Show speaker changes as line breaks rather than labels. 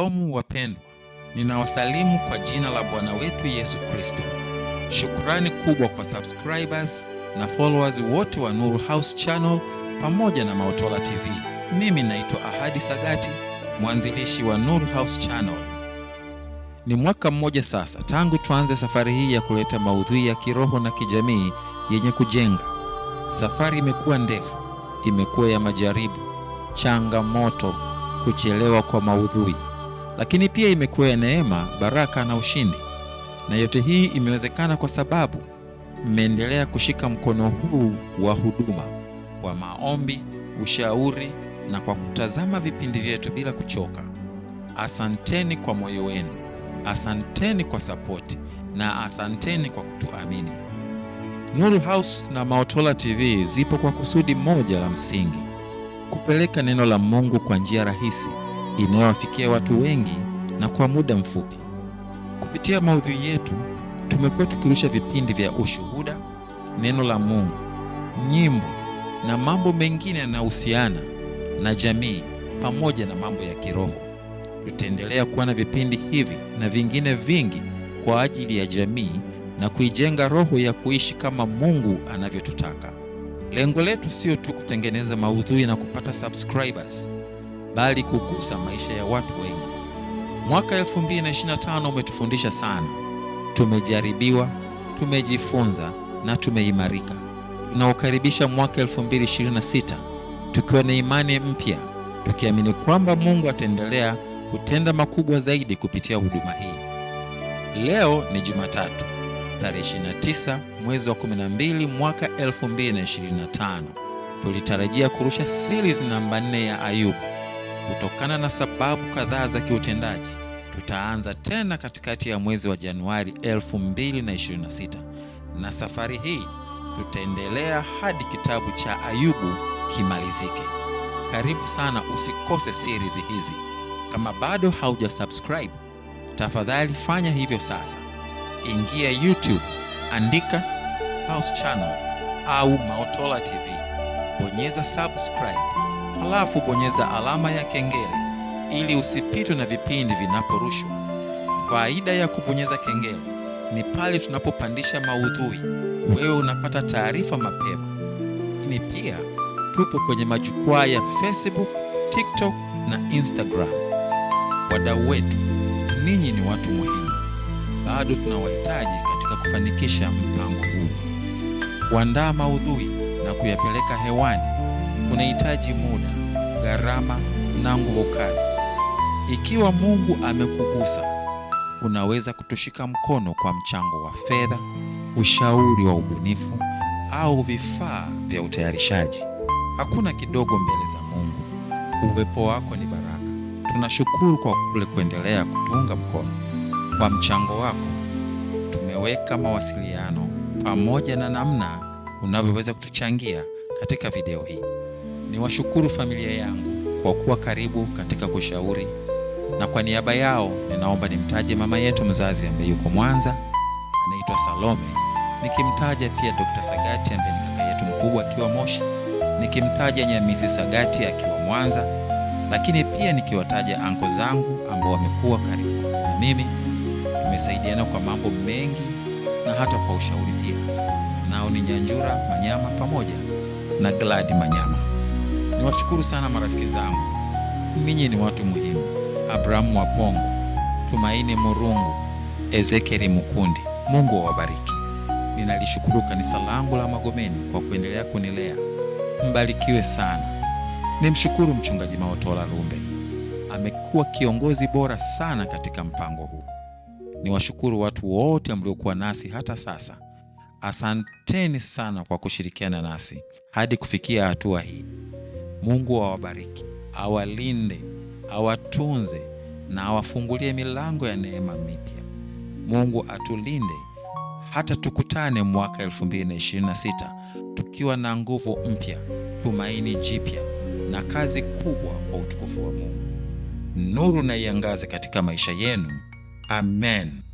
Omu wapendwa, ninawasalimu kwa jina la Bwana wetu Yesu Kristo. Shukrani kubwa kwa subscribers na followers wote wa Nuru House Channel pamoja na maotola TV. Mimi naitwa Ahadi Sagati, mwanzilishi wa Nuru House Channel. Ni mwaka mmoja sasa tangu tuanze safari hii ya kuleta maudhui ya kiroho na kijamii yenye kujenga. Safari imekuwa ndefu, imekuwa ya majaribu, changamoto, kuchelewa kwa maudhui lakini pia imekuwa neema, baraka na ushindi, na yote hii imewezekana kwa sababu mmeendelea kushika mkono huu wa huduma kwa maombi, ushauri na kwa kutazama vipindi vyetu bila kuchoka. Asanteni kwa moyo wenu, asanteni kwa sapoti na asanteni kwa kutuamini. Nuru House na Maotola TV zipo kwa kusudi moja la msingi: kupeleka neno la Mungu kwa njia rahisi inayowafikia watu wengi na kwa muda mfupi. Kupitia maudhui yetu, tumekuwa tukirusha vipindi vya ushuhuda, neno la Mungu, nyimbo na mambo mengine yanayohusiana na jamii pamoja na mambo ya kiroho. Tutaendelea kuwa na vipindi hivi na vingine vingi kwa ajili ya jamii na kuijenga roho ya kuishi kama Mungu anavyotutaka. Lengo letu sio tu kutengeneza maudhui na kupata subscribers bali kugusa maisha ya watu wengi. Mwaka 2025 umetufundisha sana. Tumejaribiwa, tumejifunza na tumeimarika. Tunaukaribisha mwaka 2026 tukiwa na imani mpya, tukiamini kwamba Mungu ataendelea kutenda makubwa zaidi kupitia huduma hii. Leo ni Jumatatu tarehe 29 mwezi wa 12 mwaka 2025. Tulitarajia kurusha series namba 4 ya Ayubu Kutokana na sababu kadhaa za kiutendaji, tutaanza tena katikati ya mwezi wa Januari 2026 na safari hii tutaendelea hadi kitabu cha Ayubu kimalizike. Karibu sana, usikose series hizi. Kama bado hauja subscribe, tafadhali fanya hivyo sasa. Ingia YouTube, andika House Channel au Maotola TV, bonyeza subscribe halafu bonyeza alama ya kengele ili usipitwe na vipindi vinaporushwa. Faida ya kubonyeza kengele ni pale tunapopandisha maudhui, wewe unapata taarifa mapema. Ni pia tupo kwenye majukwaa ya Facebook, TikTok na Instagram. Wadau wetu, ninyi ni watu muhimu, bado tunawahitaji katika kufanikisha mpango huu. Kuandaa maudhui na kuyapeleka hewani unahitaji muda, gharama na nguvu kazi. Ikiwa Mungu amekugusa, unaweza kutushika mkono kwa mchango wa fedha, ushauri wa ubunifu au vifaa vya utayarishaji. Hakuna kidogo mbele za Mungu. Uwepo wako ni baraka. Tunashukuru kwa kule kuendelea kutuunga mkono. Kwa mchango wako tumeweka mawasiliano pamoja na namna unavyoweza kutuchangia katika video hii. Niwashukuru familia yangu kwa kuwa karibu katika kushauri, na kwa niaba yao ninaomba nimtaje mama yetu mzazi ambaye yuko Mwanza, anaitwa Salome, nikimtaja pia Dr. Sagati ambaye ni kaka yetu mkubwa akiwa Moshi, nikimtaja Nyamisi Sagati akiwa Mwanza, lakini pia nikiwataja anko zangu ambao wamekuwa karibu na mimi, tumesaidiana kwa mambo mengi na hata kwa ushauri pia, nao ni Nyanjura Manyama pamoja na Gladi Manyama. Nawashukuru sana marafiki zangu, ninyi ni watu muhimu: Abrahamu Wapongo, Tumaini Murungu, Ezekieli Mukundi. Mungu awabariki. Ninalishukuru kanisa langu la Magomeni kwa kuendelea kunilea. Mbarikiwe sana. Nimshukuru Mchungaji Maotola Lumbe, amekuwa kiongozi bora sana katika mpango huu. Niwashukuru watu wote mliokuwa nasi hata sasa. Asanteni sana kwa kushirikiana nasi hadi kufikia hatua hii. Mungu awabariki, awalinde, awatunze na awafungulie milango ya neema mipya. Mungu atulinde hata tukutane mwaka 2026 tukiwa na nguvu mpya, tumaini jipya na kazi kubwa kwa utukufu wa Mungu. Nuru na iangaze katika maisha yenu. Amen.